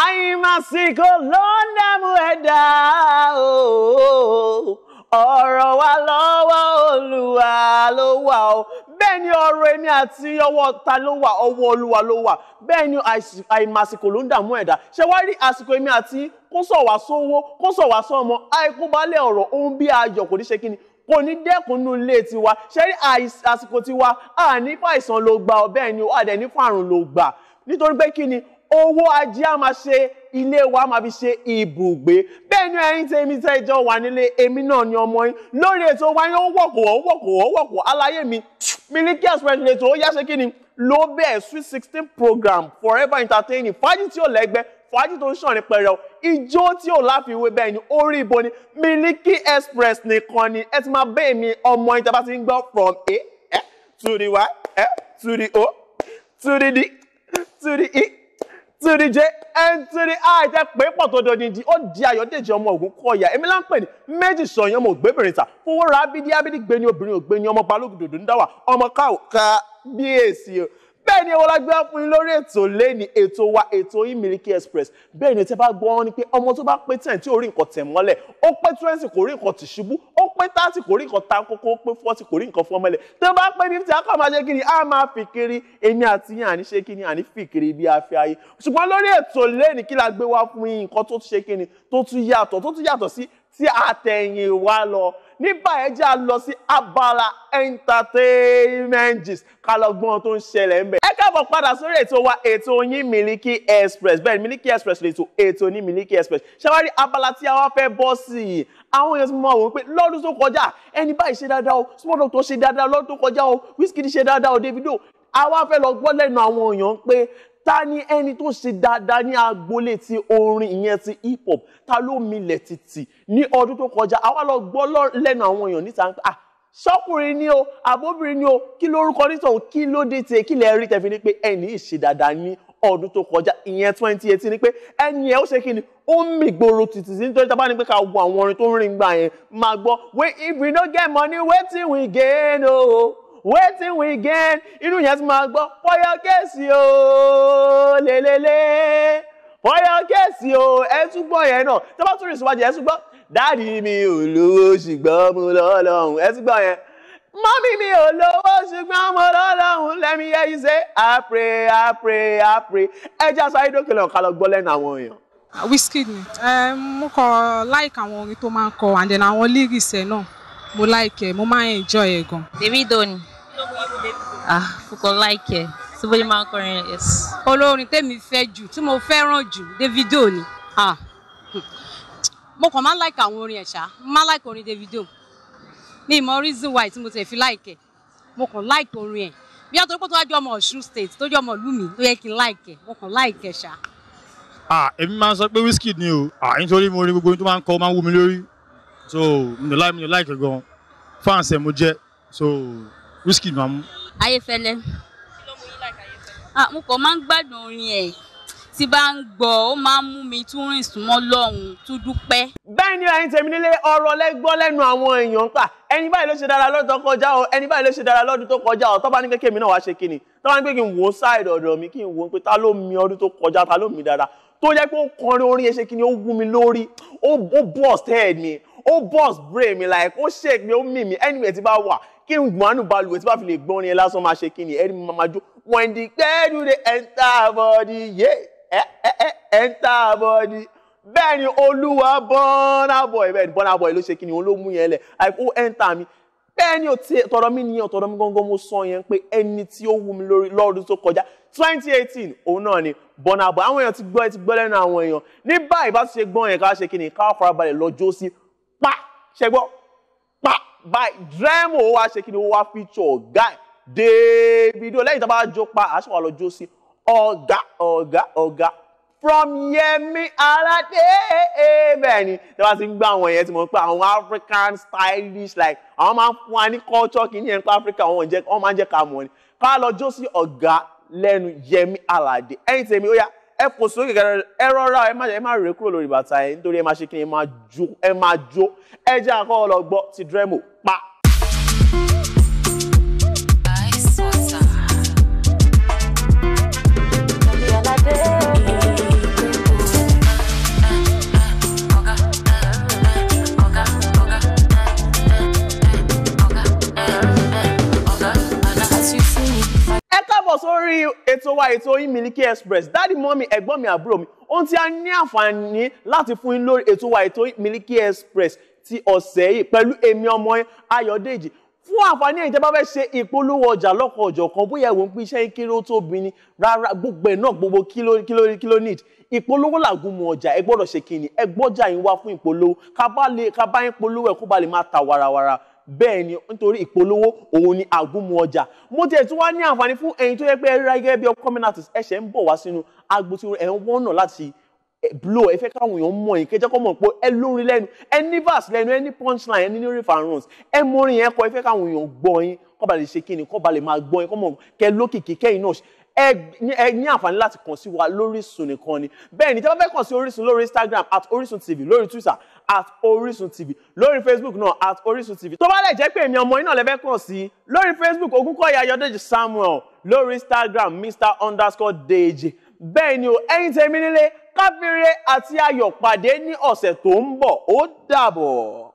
àìmásìkò ló ń dààmú ẹ̀dá o ọ̀rọ̀ wa lọ́wọ́ olúwa ló wà o bẹ́ẹ̀ ni ọ̀rọ̀ èmi àti ọwọ́ ta ló wà ọwọ́ olúwa ló wà bẹ́ẹ̀ ni àìmásìkò ló ń dààmú ẹ̀dá ṣé wá rí àsìkò èmi àti kó sọ̀ wá sówó kó sọ̀ wá sọ́mọ àìkú balẹ̀ ọ̀rọ̀ òun bí ayọ̀ kò ní ṣe ni kò ní dẹ́kun nínú ilé tiwa ṣé rí àsìkò tiwa àní fún àìsàn ló gbà ọ bẹ́ẹ̀ ni ó àdẹ̀ ní fún àrùn ló gbà nítorí owó ajé a máa ṣe ilé wa máa fi ṣe ibùgbé bẹ́ẹ̀ ni ẹ̀yin tèmi tẹ́ ìjọ wà nílé èmi náà ni ọmọ yín lórí ètò wa yín ó wọ̀kọ̀ ó wọ̀kọ̀ ó wọ̀kọ̀ aláyé mi Miliki Express lẹ́tọ̀ ó yá ṣe kí ni ló bẹ́ẹ̀ sweet sixteen program forever entertaining fájì tí ò lẹ́gbẹ́ fàájì tó ń ṣàn ní pẹrẹu ijó tí ò láfiwé bẹ́ẹ̀ ni orí ibo ni Miliki Express nìkan ni ẹ ti máa bẹ́ẹ̀ mi ọmọ yín tí ti ń gbọ́ from a eh, to the y eh, to the o to the d to the e to the j and to the i tẹ pé pọ̀ tó dọdún di ó di Ayọ̀dèjì ọmọ Ògún kọ̀ọ̀yà èmi là ń pè ní méjì sọ̀yìn ọmọ ògbébìnrin ta fowó ra abídí abídí gbéni obìnrin ògbéni ọmọ balógun dòdò ń dáwà ọmọ káwò ká bíyèsí o bẹ́ẹ̀ ni ewọ́lá gbé fún yín lórí ètò lẹ́ni ètò wa ètò yín Express bẹ́ẹ̀ ni tẹ́ bá gbọ́ ni pé ọmọ tó bá pé ten tí ò rí nǹkan tẹ̀ mọ́lẹ̀ ó pé twenty kò rí nǹkan tìṣubú ó pé thirty kò rí nǹkan tankoko ó pé forty kò rí nǹkan fọmọlẹ̀ tẹ́ bá pé fifty akọ́ máa ṣe kí ni a máa fi kiri èmi àti yín àní ṣe kí ni àní fi kiri bí a fi ayé ṣùgbọ́n lórí ètò lẹ́ni kí la gbé wá fún yín nǹkan tó ṣe kí ni tó tún yàtọ̀ tó tún yàtọ̀ sí tí àtẹ̀yìn wa lọ ní báyẹn jẹ́ a sí abala entertainments gist ká lọ gbọ́n tó ń ṣẹlẹ̀ ń bẹ̀. ẹ káàbọ̀ padà sórí ètò wa ètò yín Miliki Express bẹ́ẹ̀ ni Miliki Express lè tó ètò ní Miliki Express ṣàwárí abala tí a wá fẹ́ bọ́ sí i àwọn èèyàn mọ̀ wọ́n pé lọ́dún tó kọjá ẹni báyìí ṣe dáadáa o Small Doctor ṣe dáadáa lọ́dún tó kọjá o Wizkid ṣe dáadáa o Davido àwa fẹ́ lọ gbọ́ lẹ́nu àwọn èèyàn pé ta ni ẹni tó ṣe dáadáa ní agboolé ti orin ìyẹn ti hip hop ta ló milẹ̀ títì ní ọdún tó kọjá àwa lọ gbọ́ lẹ́nu àwọn èèyàn níta ah ṣọ́kùnrin ni o àbóbìnrin ni o kí lórúkọ nítorí kí ló dé tiẹ̀ kí lẹ rí tẹ̀fi ni pé ẹni yìí ṣe dáadáa ní ọdún tó kọjá ìyẹn twenty eighteen ni pé ẹni yẹn ó ṣe kí ó ń mì gbòòrò títì sí nítorí tábà ní pé ká wo àwọn orin tó ń rìn gbà yẹn máa gbọ́ we if we no get money wetin we gain o. Oh wetin we gain inú yẹn ti máa gbọ́ for your case o lélẹ́lẹ́ for your case o ẹ tún gbọ́ yẹn náà tó bá tún rìn síwájú ẹ tún gbọ́ dáàdi mi ò lówó ṣùgbọ́n mo lọ́lọ́run ẹ tún gbọ́ yẹn mọ́mí mi ò lówó ṣùgbọ́n mo lọ́lọ́run let me hear you say I pray I pray I pray ẹ jẹ́ aṣọ ayédókè lọ́ọ̀ ká lọ gbọ́ lẹ́nu àwọn èèyàn. Ah, Wizkid ni mo kọ like àwọn orin tó máa ń kọ and then àwọn lyrics ẹ náà mo like ẹ mo máa ń enjoy ẹ gan. Davido ni ah kò like ẹ tí bóyá máa ń kọrin ẹ. olórin tèmi fẹ́ jù tí mo fẹ́ràn jù Davido ni ah mo kàn máa ń like àwọn orin ẹ̀ ṣá máa ń like orin Davido mi ìmọ̀ reason why tí mo tẹ̀ fi like ẹ̀ mo kàn like orin ẹ̀ bí a tó kó tó wá jọ ọmọ Ọ̀ṣun state tó jọ ọmọ ìlú mi tó yẹ kí n like ẹ̀ mo kàn like ẹ̀ ṣá. Ah, èmi máa ń sọ pé Wizkid ni o ah, nítorí mo rí gbogbo ohun tó máa ń kọ máa ń wú mi lórí so mi ò like mi like gan fans ẹ̀ mo jẹ́ so Wizkid máa mú. Ayéfẹ́lẹ́. Kí ló Ah, mo kàn máa ń gbádùn orin ẹ̀ tí bá ń gbọ́ ó máa ń mú mi tún rìn súnmọ́ lọ́hùn tún dúpẹ́. bẹ́ẹ̀ ni ẹ̀yin tèmi nílé ọ̀rọ̀ lẹ́gbọ́ lẹ́nu àwọn èèyàn pa ẹni báyìí ló ṣe dára lọ́dún tó kọjá o ẹni báyìí ló ṣe dára lọ́dún tó kọjá o tọ́ba ní pé kémi náà wá ṣe kíni tọ́ba ní pé kí n wò ṣáìdì ọ̀dọ̀ mi kí n wò ó pé ta ló mi ọdún tó kọjá ta ló mi dára tó jẹ́ pé ó kọrin orin yẹn ṣe kíni ó gún mi lórí ó bust head mi ó bust brain mi like ó shake mi ó mì mí anywhere tí bá wà kí n gbọ́n àánú balùwẹ̀ tí bá fi lè gbọ́n orin yẹn lásán máa ṣe kí ni ẹni máa jó when the gbedu dey enter body yeah enter body bẹ́ẹ̀ ni olúwa Burna Boy bẹ́ẹ̀ ni Burna Boy ló ṣe kí ni òun ló mú yẹn lẹ̀ àìfó enter mi bẹ́ẹ̀ ni tọ̀dọ̀ mi nìyẹn tọ̀dọ̀ mi gángan mo sọ yẹn pé ẹni tí ó wù mí lórí lọ́dún tó kọjá twenty eighteen òun náà ni Burna Boy àwọn èèyàn ti gbọ́ ti gbọ́ lẹ́nu àwọn èèyàn ní báyìí bá ti ṣe gbọ́n yẹn ká ṣe kí ni ká farabalẹ̀ lọ jó sí pa ṣẹgbọ́n By drẹ́mù ó wá ṣe kí ni ó wá feature ọ̀gá ẹ̀ Davido lẹ́yìn tó bá jó pa àṣọ àlọ́ jó sí ọ̀gá ọ̀gá ọ̀gá from Yemi Alade bẹ́ẹ̀ ni tí wọ́n ti ń gbọ́ àwọn yẹn tí mo ń àwọn African stylish like àwọn máa ń fún wa ní culture kìíní yẹn nípa Africa wọn jẹ wọ́n máa jẹ́ ká mọ̀ ni ká lọ jó sí ọ̀gá lẹ́nu Yemi Alade ẹ̀yìn tèmi ó yá ẹ fò sókè kẹrẹ ẹ rọra ẹ má ẹ má rèé kúrò lórí bàtà ẹ nítorí ẹ má ṣe kí ni ẹ má jó ẹ má jó ẹ jẹ́ àkọ́ ọlọ́gbọ́ ti dremel pa lórí ètò wa ètò yín Miliki Express dáàdì mọ́mí ẹ̀gbọ́n mi àbúrò mi ohun tí a ní àǹfààní láti fún yín lórí ètò wa ètò yín Miliki Express ti ọ̀sẹ̀ yìí pẹ̀lú èmi ọmọ yín Ayọ̀dèjì fún àǹfààní ẹ̀yin tẹ́ bá fẹ́ ṣe ìpolówó ọjà lọ́kọ̀ ọ̀jọ̀ kan bóyá ẹ̀wọ̀n pín iṣẹ́ kí ló tóbi ni rárá gbogbo ẹ̀ náà gbogbo kí ló kí ló kí ló need ìpolówó làgùn mu ọjà ẹ gbọ́dọ̀ ṣe kí ni ẹ gbọ́jà yín wá fún ìpolówó ká bá yín polówó ẹ̀ kó ba lè máa ta warawara bẹ́ẹ̀ ni nítorí ìpolówó òun ni àgúnmu ọjà mo tiẹ̀ tún wá ní àǹfààní fún ẹ̀yin tó yẹ pé ẹ̀rí gẹ́gẹ́ bí coming artist ẹ̀ṣẹ̀ ń bọ̀ wá sínú agbo tí ẹ̀ ń wọ́nà láti blow ẹ fẹ́ káwọn èèyàn mọ̀ yín kẹjọ́ kọ́ mọ̀ pé ẹ lórin lẹ́nu ẹ ní verse lẹ́nu ẹ ní punchline ẹ ní reference ẹ mọrin yẹn kọ ẹ fẹ́ káwọn èèyàn gbọ́ yín kọ́ ba lè ṣe kí ni kọ́ ba lè máa gbọ́ yín kọ́ mọ̀ kẹ lókìkí kẹ́yìn náà ẹ ní àǹfààní láti kàn sí wa lórí Orísun nìkan ni bẹ́ẹ̀ ni tí a bá fẹ́ kàn sí Orísun lórí Instagram at Orísun TV lórí Twitter at Orísun TV lórí Facebook náà at Orísun TV tó bá lè jẹ́ pé èmi ọmọ yín náà lè fẹ́ kàn sí lórí Facebook Ògúnkọ̀yà Ayọ̀dèjì Samuel lórí Instagram Mr underscore Deji bẹ́ẹ̀ ni o ẹ̀yin tèmi nílé káfíńrẹ́ àti ayọ̀ pàdé ní ọ̀sẹ̀ tó ń bọ̀ ó dàbọ̀.